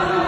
Amen.